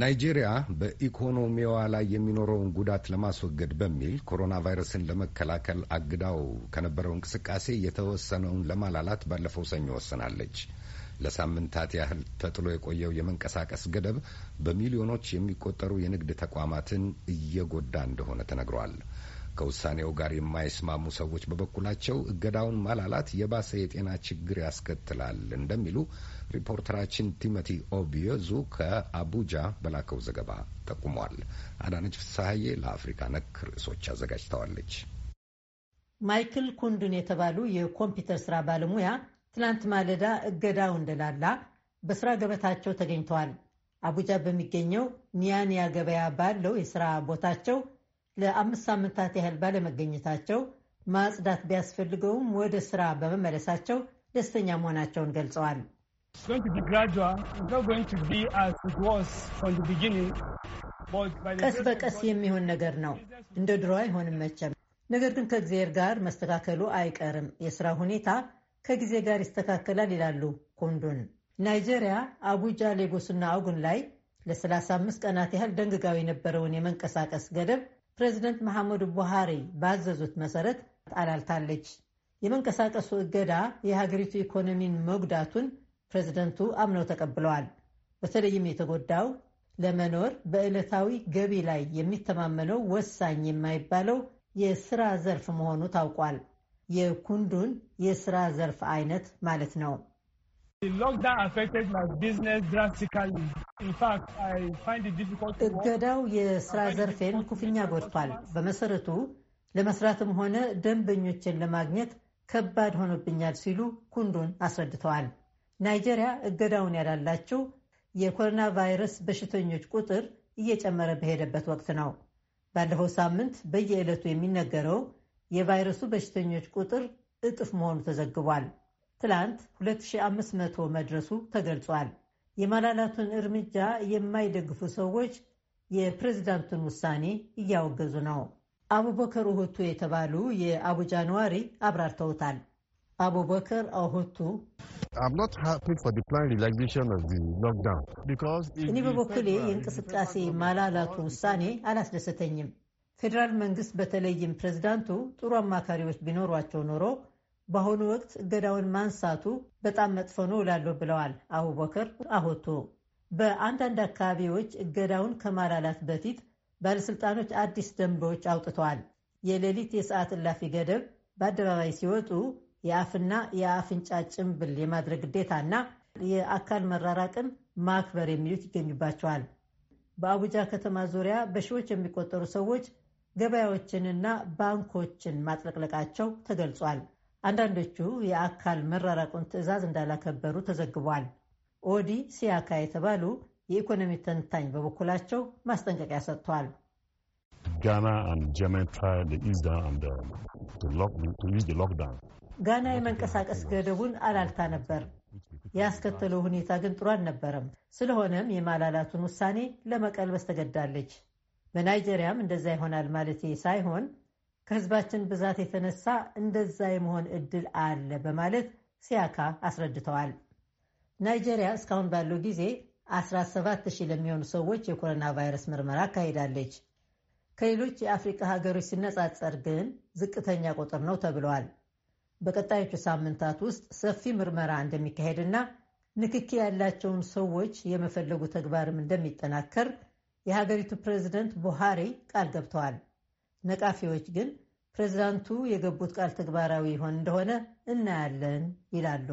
ናይጄሪያ በኢኮኖሚዋ ላይ የሚኖረውን ጉዳት ለማስወገድ በሚል ኮሮና ቫይረስን ለመከላከል አግዳው ከነበረው እንቅስቃሴ የተወሰነውን ለማላላት ባለፈው ሰኞ ወስናለች። ለሳምንታት ያህል ተጥሎ የቆየው የመንቀሳቀስ ገደብ በሚሊዮኖች የሚቆጠሩ የንግድ ተቋማትን እየጎዳ እንደሆነ ተነግሯል። ከውሳኔው ጋር የማይስማሙ ሰዎች በበኩላቸው እገዳውን ማላላት የባሰ የጤና ችግር ያስከትላል እንደሚሉ ሪፖርተራችን ቲሞቲ ኦቢዮዙ ከአቡጃ በላከው ዘገባ ጠቁሟል። አዳነች ፍሳሐዬ ለአፍሪካ ነክ ርዕሶች አዘጋጅተዋለች። ማይክል ኩንዱን የተባሉ የኮምፒውተር ስራ ባለሙያ ትናንት ማለዳ እገዳው እንደላላ በስራ ገበታቸው ተገኝተዋል። አቡጃ በሚገኘው ኒያንያ ገበያ ባለው የስራ ቦታቸው ለአምስት ሳምንታት ያህል ባለመገኘታቸው ማጽዳት ቢያስፈልገውም ወደ ስራ በመመለሳቸው ደስተኛ መሆናቸውን ገልጸዋል። ቀስ በቀስ የሚሆን ነገር ነው። እንደ ድሮ አይሆንም መቼም። ነገር ግን ከእግዚአብሔር ጋር መስተካከሉ አይቀርም። የስራ ሁኔታ ከጊዜ ጋር ይስተካከላል ይላሉ ኮንዶን። ናይጄሪያ አቡጃ፣ ሌጎስና አውጉን ላይ ለ35 ቀናት ያህል ደንግጋው የነበረውን የመንቀሳቀስ ገደብ ፕሬዚደንት መሐመዱ ቡሃሪ ባዘዙት መሰረት ጣላልታለች። የመንቀሳቀሱ እገዳ የሀገሪቱ ኢኮኖሚን መጉዳቱን ፕሬዚደንቱ አምነው ተቀብለዋል። በተለይም የተጎዳው ለመኖር በዕለታዊ ገቢ ላይ የሚተማመነው ወሳኝ የማይባለው የስራ ዘርፍ መሆኑ ታውቋል። የኩንዱን የስራ ዘርፍ አይነት ማለት ነው። እገዳው የስራ ዘርፌን ክፉኛ ጎድቷል። በመሰረቱ ለመስራትም ሆነ ደንበኞችን ለማግኘት ከባድ ሆኖብኛል ሲሉ ኩንዱን አስረድተዋል። ናይጄሪያ እገዳውን ያላላቸው የኮሮና ቫይረስ በሽተኞች ቁጥር እየጨመረ በሄደበት ወቅት ነው። ባለፈው ሳምንት በየዕለቱ የሚነገረው የቫይረሱ በሽተኞች ቁጥር እጥፍ መሆኑ ተዘግቧል። ትላንት 2500 መድረሱ ተገልጿል። የማላላቱን እርምጃ የማይደግፉ ሰዎች የፕሬዚዳንቱን ውሳኔ እያወገዙ ነው። አቡበከር ኡሁቱ የተባሉ የአቡ ጃንዋሪ አብራርተውታል። አቡበከር ኡሁቱ እኔ በበኩሌ የእንቅስቃሴ ማላላቱ ውሳኔ አላስደሰተኝም። ፌዴራል መንግስት በተለይም ፕሬዚዳንቱ ጥሩ አማካሪዎች ቢኖሯቸው ኖሮ በአሁኑ ወቅት እገዳውን ማንሳቱ በጣም መጥፎ ነው እላለሁ ብለዋል አቡበከር አሆቶ። በአንዳንድ አካባቢዎች እገዳውን ከማላላት በፊት ባለሥልጣኖች አዲስ ደንቦች አውጥተዋል። የሌሊት የሰዓት እላፊ ገደብ፣ በአደባባይ ሲወጡ የአፍና የአፍንጫ ጭንብል የማድረግ ግዴታና የአካል መራራቅን ማክበር የሚሉት ይገኙባቸዋል። በአቡጃ ከተማ ዙሪያ በሺዎች የሚቆጠሩ ሰዎች ገበያዎችንና ባንኮችን ማጥለቅለቃቸው ተገልጿል። አንዳንዶቹ የአካል መራራቁን ትዕዛዝ እንዳላከበሩ ተዘግቧል። ኦዲ ሲያካ የተባሉ የኢኮኖሚ ተንታኝ በበኩላቸው ማስጠንቀቂያ ሰጥቷል። ጋና የመንቀሳቀስ ገደቡን አላልታ ነበር። ያስከተለው ሁኔታ ግን ጥሩ አልነበረም። ስለሆነም የማላላቱን ውሳኔ ለመቀልበስ ተገድዳለች። በናይጄሪያም እንደዛ ይሆናል ማለት ሳይሆን ከህዝባችን ብዛት የተነሳ እንደዛ የመሆን እድል አለ በማለት ሲያካ አስረድተዋል። ናይጄሪያ እስካሁን ባለው ጊዜ 17,000 ለሚሆኑ ሰዎች የኮሮና ቫይረስ ምርመራ አካሂዳለች። ከሌሎች የአፍሪቃ ሀገሮች ሲነጻጸር ግን ዝቅተኛ ቁጥር ነው ተብለዋል። በቀጣዮቹ ሳምንታት ውስጥ ሰፊ ምርመራ እንደሚካሄድና ንክኪ ያላቸውን ሰዎች የመፈለጉ ተግባርም እንደሚጠናከር የሀገሪቱ ፕሬዚደንት ቡሃሪ ቃል ገብተዋል። ነቃፊዎች ግን ፕሬዚዳንቱ የገቡት ቃል ተግባራዊ ይሆን እንደሆነ እናያለን ይላሉ።